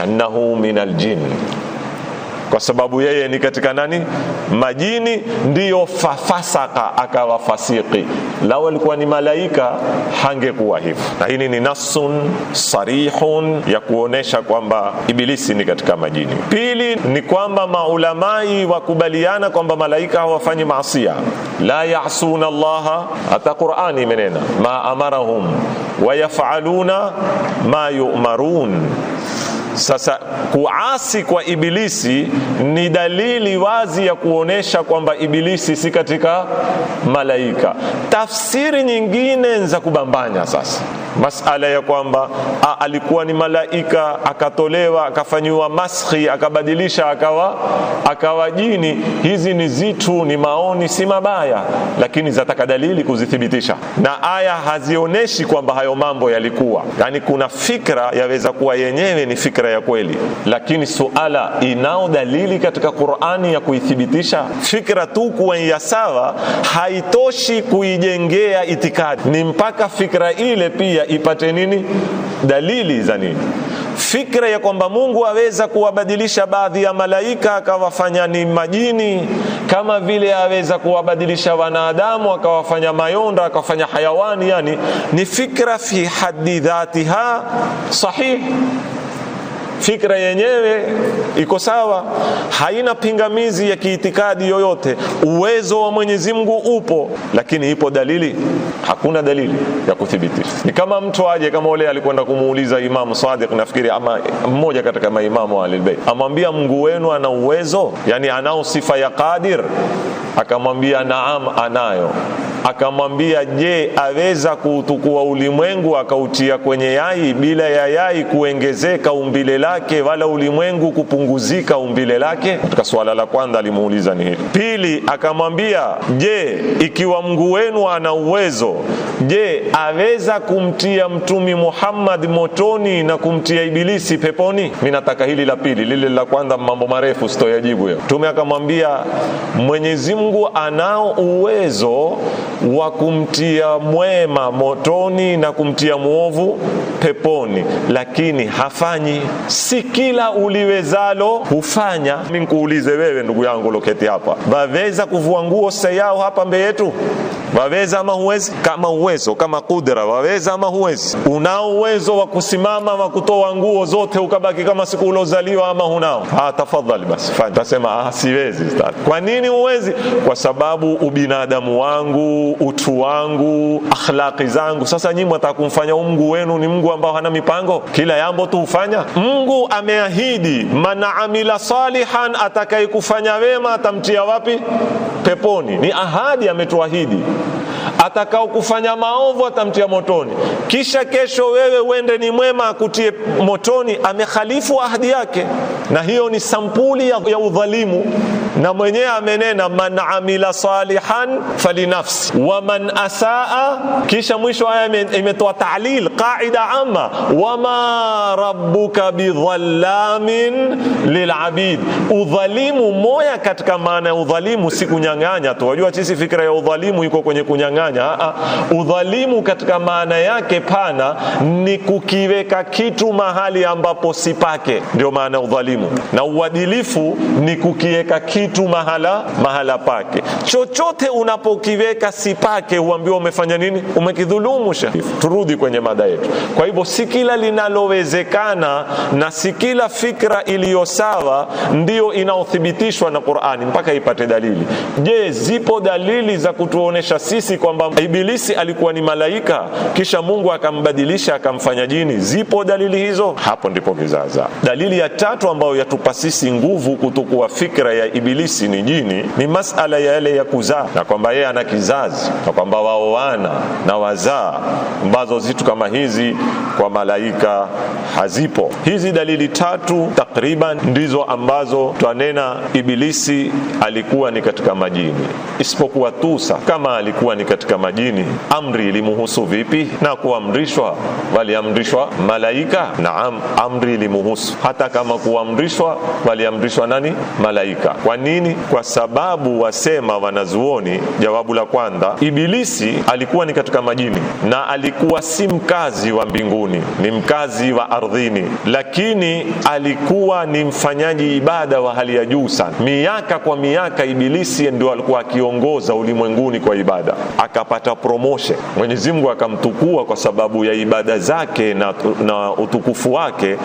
annahu min aljin kwa sababu yeye ni katika nani majini ndiyo fafasaka akawa fasiki lao alikuwa ni malaika hangekuwa hivyo na hili ni nasun sarihun ya kuonesha kwamba ibilisi ni katika majini pili ni kwamba maulamai wakubaliana kwamba malaika hawafanyi maasia la yasuna llaha hata qurani imenena ma amarahum wayafaluna ma yumarun sasa kuasi kwa Ibilisi ni dalili wazi ya kuonesha kwamba Ibilisi si katika malaika. Tafsiri nyingine za kubambanya sasa masala ya kwamba a, alikuwa ni malaika akatolewa akafanyiwa maskhi akabadilisha akawa akawa jini. Hizi ni zitu, ni maoni si mabaya, lakini zataka dalili kuzithibitisha, na aya hazionyeshi kwamba hayo mambo yalikuwa. Yani kuna fikra yaweza kuwa yenyewe ni fikra akhira ya kweli, lakini suala inao dalili katika Qur'ani ya kuithibitisha fikra tu kuwa ya sawa haitoshi kuijengea itikadi, ni mpaka fikra ile pia ipate nini, dalili za nini fikra ya kwamba Mungu aweza kuwabadilisha baadhi ya malaika akawafanya ni majini, kama vile aweza kuwabadilisha wanadamu akawafanya mayonda akawafanya hayawani, yani ni fikra fi haddi dhatiha sahih fikra yenyewe iko sawa, haina pingamizi ya kiitikadi yoyote. Uwezo wa Mwenyezi Mungu upo, lakini ipo dalili? Hakuna dalili ya kuthibitisha. Ni kama mtu aje, kama ule alikwenda kumuuliza Imamu Sadiq, nafikiri ama mmoja katika maimamu wa Bayt, amwambia Mungu wenu ana uwezo, yani anao sifa ya qadir? Akamwambia naam, anayo akamwambia je, aweza kuutukua ulimwengu akautia kwenye yai bila ya yai kuongezeka umbile lake wala ulimwengu kupunguzika umbile lake? Katika suala la kwanza alimuuliza ni hili. Pili akamwambia, je, ikiwa Mungu wenu ana uwezo, je, aweza kumtia Mtumi Muhammad motoni na kumtia Ibilisi peponi? Mi nataka hili la pili, lile la kwanza mambo marefu, sitoyajibu hiyo. Mtume akamwambia, Mwenyezi Mungu anao uwezo wa kumtia mwema motoni na kumtia mwovu peponi, lakini hafanyi si kila uliwezalo hufanya. Mimi nikuulize wewe, ndugu yangu loketi hapa, waweza kuvua nguo sayao hapa mbele yetu? Waweza ama huwezi? Kama uwezo kama kudra, waweza ama huwezi? Unao uwezo wa kusimama wa kutoa nguo zote ukabaki kama siku uliozaliwa ama hunao? Ah, tafadhali basi fanya. Tasema ah, siwezi. Kwa nini uwezi Kwa sababu ubinadamu wangu, utu wangu, akhlaqi zangu. Sasa nyinyi mtakumfanya Mungu wenu ni Mungu ambao hana mipango, kila jambo tu ufanya mm. Mungu ameahidi, man amila salihan, atakayekufanya wema atamtia wapi? Peponi. Ni ahadi ametuahidi. Atakao kufanya maovu atamtia motoni, kisha kesho wewe uende ni mwema akutie motoni. Amekhalifu ahadi yake, na hiyo ni sampuli ya, ya udhalimu. Na mwenyewe amenena man amila salihan falinafsi wa man asaa, kisha mwisho aya imetoa ta'lil qaida amma wa ma rabbuka bidhallamin lilabid. Udhalimu moya katika maana ya udhalimu si kunyang'anya tu. Wajua chisi fikra ya udhalimu iko kwenye kunyang'anya kunyang'anya. Ah, ah, udhalimu katika maana yake pana ni kukiweka kitu mahali ambapo si pake, ndio maana udhalimu. Na uadilifu ni kukiweka kitu mahala mahala pake. Chochote unapokiweka si pake, huambiwa umefanya nini? Umekidhulumu. Turudi kwenye mada yetu. Kwa hivyo, si kila linalowezekana na si kila fikra iliyo sawa ndiyo inaothibitishwa na Qur'ani, mpaka ipate dalili. Je, zipo dalili za kutuonesha sisi kwamba Ibilisi alikuwa ni malaika, kisha Mungu akambadilisha akamfanya jini? Zipo dalili hizo? Hapo ndipo kizaza Dalili ya tatu ambayo yatupa sisi nguvu kutokuwa fikra ya Ibilisi ni jini, ni masala ya yale ya kuzaa, na kwamba yeye ana kizazi, na kwamba waoana na wazaa, ambazo zitu kama hizi kwa malaika hazipo. Hizi dalili tatu takriban ndizo ambazo twanena Ibilisi alikuwa ni katika majini, isipokuwa tusa kama alikuwa ni katika majini, amri ilimuhusu vipi? Na kuamrishwa, waliamrishwa malaika? Naam, amri ilimuhusu hata kama kuamrishwa, waliamrishwa nani? Malaika. Kwa nini? Kwa sababu wasema wanazuoni, jawabu la kwanza, Ibilisi alikuwa ni katika majini na alikuwa si mkazi wa mbinguni, ni mkazi wa ardhini, lakini alikuwa ni mfanyaji ibada wa hali ya juu sana. Miaka kwa miaka, Ibilisi ndio alikuwa akiongoza ulimwenguni kwa ibada akapata promotion. Mwenyezi Mungu akamtukua kwa sababu ya ibada zake na, na utukufu wake,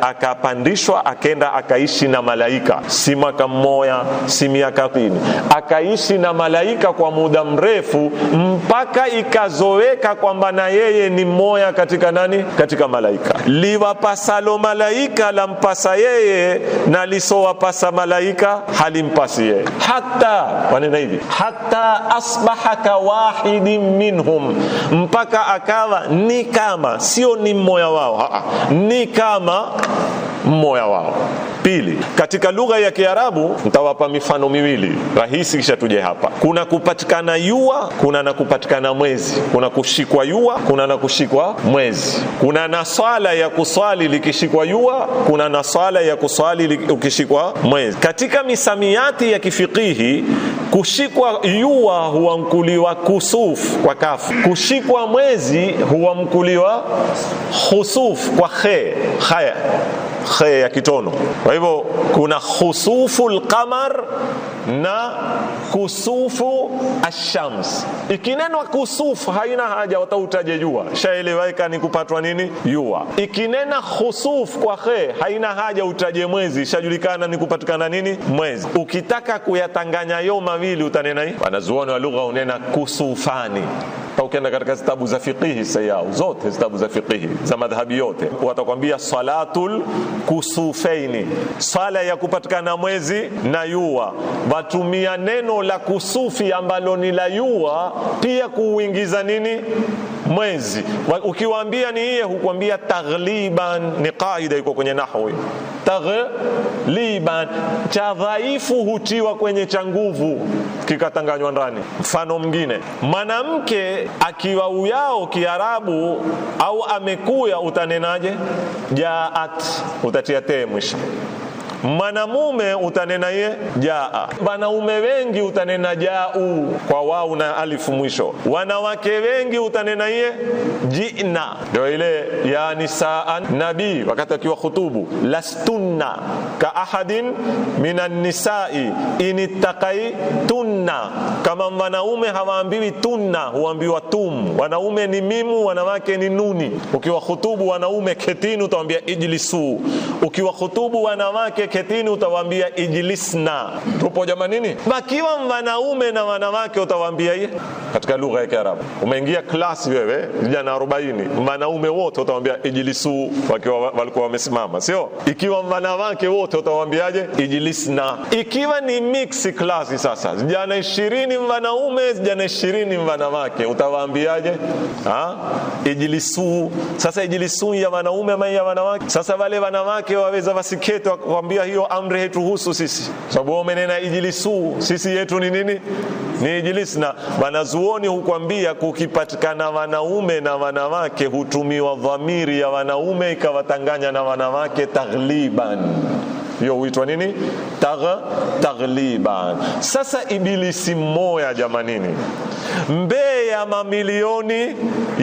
akapandishwa aka akenda akaishi na malaika, si mwaka mmoja, si miaka kumi, akaishi na malaika kwa muda mrefu, mpaka ikazoweka kwamba na yeye ni mmoja katika nani, katika malaika. Liwapasalo malaika lampasa yeye, na lisowapasa malaika halimpasi yeye. Hata wanena hivi hata asbaha ka wahidin minhum, mpaka akawa ni kama, sio ni mmoja wao, ni kama mmoja wao. Pili, katika lugha ya Kiarabu nitawapa mifano miwili rahisi, kisha tuje hapa. Kuna kupatikana yua, kuna na kupatikana mwezi, kuna kushikwa yua, kuna na kushikwa mwezi, kuna na swala ya kuswali likishikwa yua, kuna na swala ya kuswali ukishikwa mwezi. Katika misamiati ya kifikihi kushikwa yua huwa nkuli huamkuliwa kusuf kwa kaf. kushikwa mwezi huamkuliwa khusuf kwa khe haya khe ya kitono. Kwa hivyo kuna khusufu lqamar na kusufu ashams. Ikinenwa kusufu, haina haja watautaje jua, shaeleweka ni kupatwa nini jua. Ikinena khusufu kwa khe, haina haja utaje mwezi, shajulikana ni kupatikana nini mwezi. Ukitaka kuyatanganya yo mawili utanena hii, wanazuoni wa lugha unena kusufani ukienda katika zitabu za fiqihi sayau zote zitabu za fiqihi za madhhabi yote watakwambia salatul kusufeini, sala ya kupatikana mwezi na yua. Watumia neno la kusufi ambalo ni la yua pia kuuingiza nini mwezi. Ukiwaambia ni yeye, hukwambia taghliban. Ni qaida iko kwenye nahwi tagliban, cha dhaifu hutiwa kwenye cha nguvu kikatanganywa ndani. Mfano mwingine, mwanamke akiwa uyao Kiarabu au amekuya, utanenaje? jaat utatiatea mwisho mwanamume utanena ye jaa, wanaume wengi utanena jau kwa wau na alifu mwisho, wanawake wengi utanena ye jina. Ndio ile ya nisaa nabii wakati akiwa khutubu, lastunna ka ahadin minan nisai inittakaitunna, kama wanaume hawaambiwi tunna, huambiwa tum. Wanaume ni mimu, wanawake ni nuni. Ukiwa khutubu wanaume ketinu, utawambia ijlisu. Ukiwa khutubu wanawake ketini, utawambia ijlisna. Tupo jama nini? Bakiwa wanaume na wanawake, utawambia hiye katika lugha ya Kiarabu. Umeingia klasi wewe, vijana 40 wanaume wote, utawambia ijlisu, wakiwa walikuwa wamesimama, sio? Ikiwa wanawake wote, utawaambiaje? Ijlisna. Ikiwa ni mix klasi, sasa vijana 20 wanaume, vijana 20 wanawake, utawaambiaje? Ah, ijlisu. Sasa ijlisu ya wanaume ama ya wanawake? Sasa wale wanawake waweza wasikete wakwambia pia hiyo amri husu sisi, sababu wao umenena ijilisu, sisi yetu ni nini? Ni na Wanazuoni hukwambia kukipatikana wanaume na wanawake, hutumiwa dhamiri ya wanaume ikawatanganya na wanawake tagliban hiyo huitwa nini Tag, tagliban sasa ibilisi mmoya jamanini mbee ya mamilioni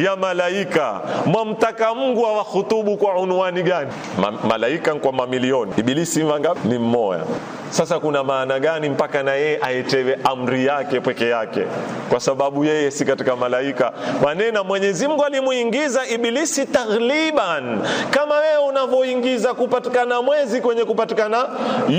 ya malaika mwamtaka mungu awakhutubu kwa unwani gani Ma, malaika kwa mamilioni ibilisi mangapi ni mmoya sasa kuna maana gani mpaka na yeye aitewe amri yake peke yake kwa sababu yeye si katika malaika wanena mwenyezi mungu alimuingiza ibilisi tagliban kama wewe unavyoingiza kupatikana mwezi kwenye kupatikana ukana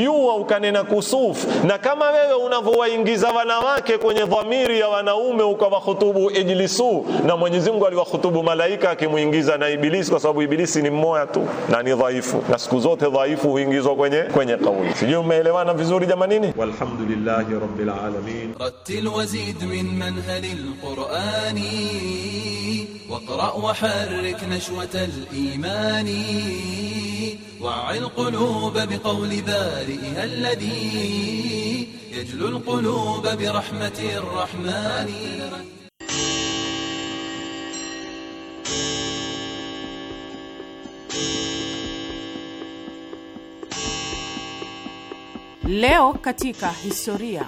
yua ukanena kusuf, na kama wewe unavyowaingiza wanawake kwenye dhamiri ya wanaume ukawahutubu ijlisu, na Mwenyezi Mungu aliwahutubu malaika akimuingiza na Ibilisi, kwa sababu Ibilisi ni mmoja tu na ni dhaifu, na siku zote dhaifu huingizwa kwenye kwenye kauli. Sijui umeelewana vizuri jamanini? Walhamdulillahi rabbil alamin. Rattil wazid min manhalil qurani واقرأ وحرك نشوة الإيمان وع القلوب بقول بارئها الذي يجلو القلوب برحمة الرحمن Leo katika historia.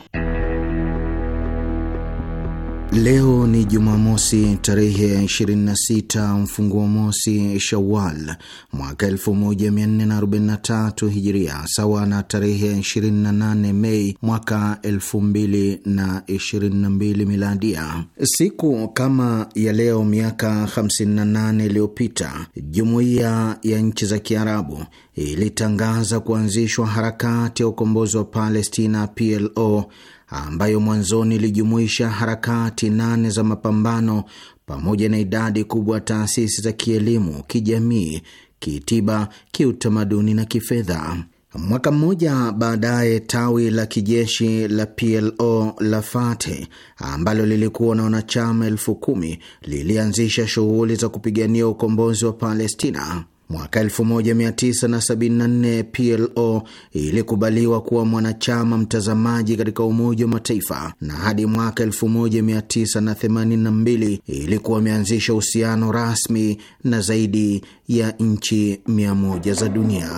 Leo ni Jumamosi tarehe ya 26 mfunguo mosi Shawal mwaka 1443 Hijiria, sawa na tarehe 28 Mei mwaka 2022 Miladia. Siku kama ya leo miaka 58 iliyopita, jumuiya ya nchi za Kiarabu ilitangaza kuanzishwa harakati ya ukombozi wa Palestina, PLO ambayo mwanzoni ilijumuisha harakati nane za mapambano pamoja na idadi kubwa ya taasisi za kielimu, kijamii, kitiba, kiutamaduni na kifedha. Mwaka mmoja baadaye tawi la kijeshi la PLO la Fate ambalo lilikuwa na wanachama elfu kumi lilianzisha shughuli za kupigania ukombozi wa Palestina. Mwaka 1974 PLO ilikubaliwa kuwa mwanachama mtazamaji katika Umoja wa Mataifa na hadi mwaka 1982 ilikuwa imeanzisha uhusiano rasmi na zaidi ya nchi 100 za dunia.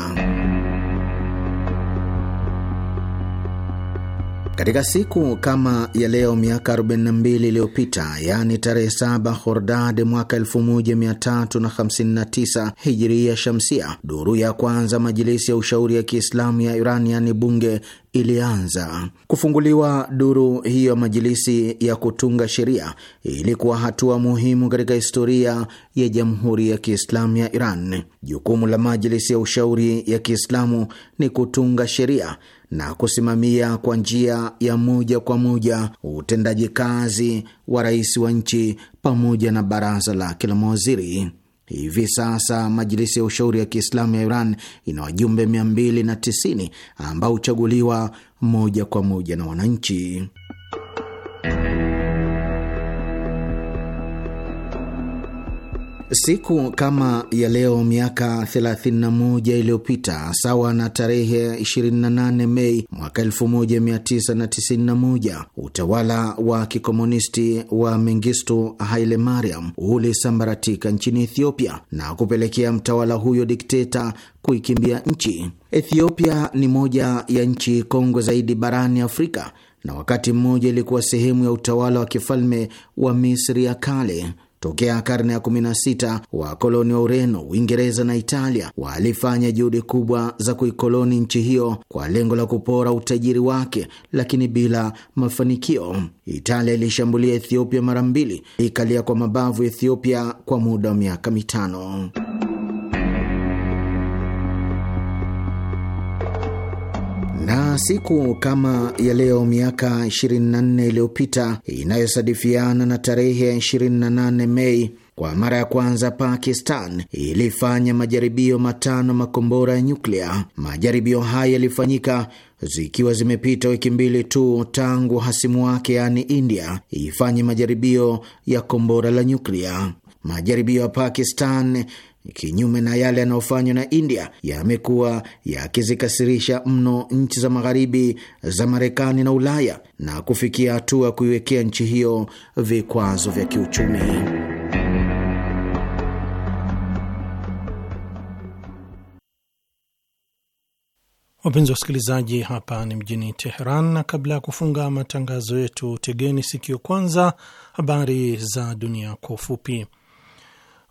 Katika siku kama ya leo miaka 42 iliyopita, yaani tarehe 7 Hordad mwaka 1359 Hijria Shamsia, duru ya kwanza Majilisi ya Ushauri ya Kiislamu ya Iran, yaani bunge ilianza kufunguliwa. Duru hiyo ya majilisi ya kutunga sheria ilikuwa hatua muhimu katika historia ya Jamhuri ya Kiislamu ya Iran. Jukumu la Majilisi ya Ushauri ya Kiislamu ni kutunga sheria na kusimamia kwa njia ya moja kwa moja utendaji kazi wa rais wa nchi pamoja na baraza lake la mawaziri. Hivi sasa Majilisi ya Ushauri ya Kiislamu ya Iran ina wajumbe 290 ambao huchaguliwa moja kwa moja na wananchi. Siku kama ya leo miaka 31 iliyopita sawa na tarehe 28 Mei mwaka 1991, utawala wa kikomunisti wa Mengistu Haile Mariam ulisambaratika nchini Ethiopia na kupelekea mtawala huyo dikteta kuikimbia nchi. Ethiopia ni moja ya nchi kongwe zaidi barani Afrika na wakati mmoja ilikuwa sehemu ya utawala wa kifalme wa Misri ya kale. Tokea karne ya 16 wakoloni wa Ureno, Uingereza na Italia walifanya juhudi kubwa za kuikoloni nchi hiyo kwa lengo la kupora utajiri wake, lakini bila mafanikio. Italia ilishambulia Ethiopia mara mbili, ikalia kwa mabavu Ethiopia kwa muda wa miaka mitano. Na siku kama ya leo miaka 24 iliyopita inayosadifiana na tarehe ya 28 Mei, kwa mara ya kwanza Pakistan ilifanya majaribio matano makombora ya nyuklia. Majaribio haya yalifanyika zikiwa zimepita wiki mbili tu tangu hasimu wake, yaani India, ifanye majaribio ya kombora la nyuklia. Majaribio ya Pakistan kinyume na yale yanayofanywa na India, yamekuwa yakizikasirisha mno nchi za magharibi za Marekani na Ulaya na kufikia hatua kuiwekea nchi hiyo vikwazo vya kiuchumi. Wapenzi wa wasikilizaji, hapa ni mjini Teheran, na kabla ya kufunga matangazo yetu, tegeni sikio kwanza habari za dunia kwa ufupi.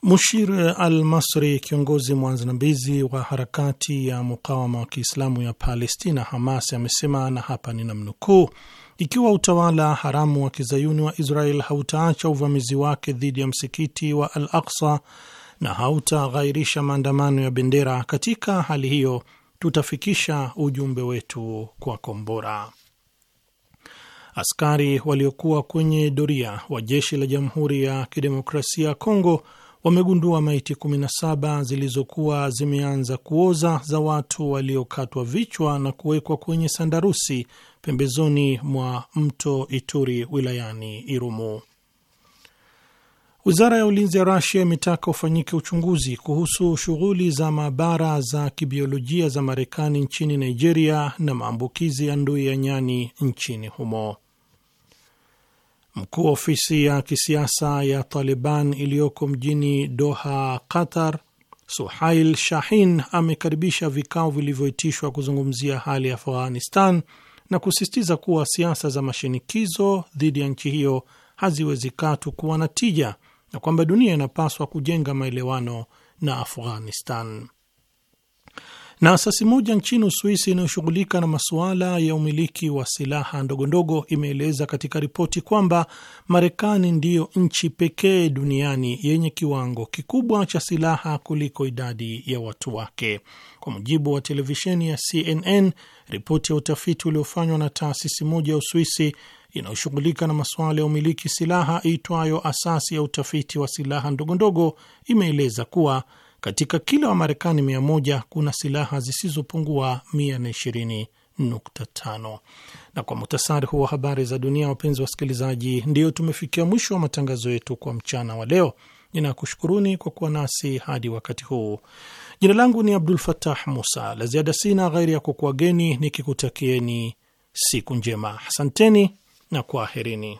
Mushir al Masri, kiongozi mwanzambizi wa harakati ya mukawama wa Kiislamu ya Palestina, Hamas, amesema na hapa ni namnukuu: ikiwa utawala haramu wa kizayuni wa Israel hautaacha uvamizi wake dhidi ya msikiti wa Al Aksa na hautaghairisha maandamano ya bendera, katika hali hiyo tutafikisha ujumbe wetu kwa kombora. Askari waliokuwa kwenye doria wa jeshi la Jamhuri ya Kidemokrasia ya Kongo wamegundua maiti 17 zilizokuwa zimeanza kuoza za watu waliokatwa vichwa na kuwekwa kwenye sandarusi pembezoni mwa mto Ituri wilayani Irumu. Wizara ya ulinzi ya Rasia imetaka ufanyike uchunguzi kuhusu shughuli za maabara za kibiolojia za Marekani nchini Nigeria na maambukizi ya ndui ya nyani nchini humo. Mkuu wa ofisi ya kisiasa ya Taliban iliyoko mjini Doha, Qatar, Suhail Shahin amekaribisha vikao vilivyoitishwa kuzungumzia hali ya Afghanistan na kusisitiza kuwa siasa za mashinikizo dhidi ya nchi hiyo haziwezi katu kuwa na tija na kwamba dunia inapaswa kujenga maelewano na Afghanistan. Na asasi moja nchini Uswisi inayoshughulika na masuala ya umiliki wa silaha ndogondogo imeeleza katika ripoti kwamba Marekani ndiyo nchi pekee duniani yenye kiwango kikubwa cha silaha kuliko idadi ya watu wake. Kwa mujibu wa televisheni ya CNN, ripoti ya utafiti uliofanywa na taasisi moja ya Uswisi inayoshughulika na masuala ya umiliki silaha iitwayo Asasi ya Utafiti wa Silaha Ndogondogo imeeleza kuwa katika kila Wamarekani 100 kuna silaha zisizopungua 120.5. Na kwa muhtasari huu wa habari za dunia, wapenzi wasikilizaji, ndio tumefikia mwisho wa matangazo yetu kwa mchana wa leo. Ninakushukuruni kwa kuwa nasi hadi wakati huu. Jina langu ni Abdul Fatah Musa. La ziada sina ghairi ya kukuageni nikikutakieni siku njema. Asanteni na kwaherini.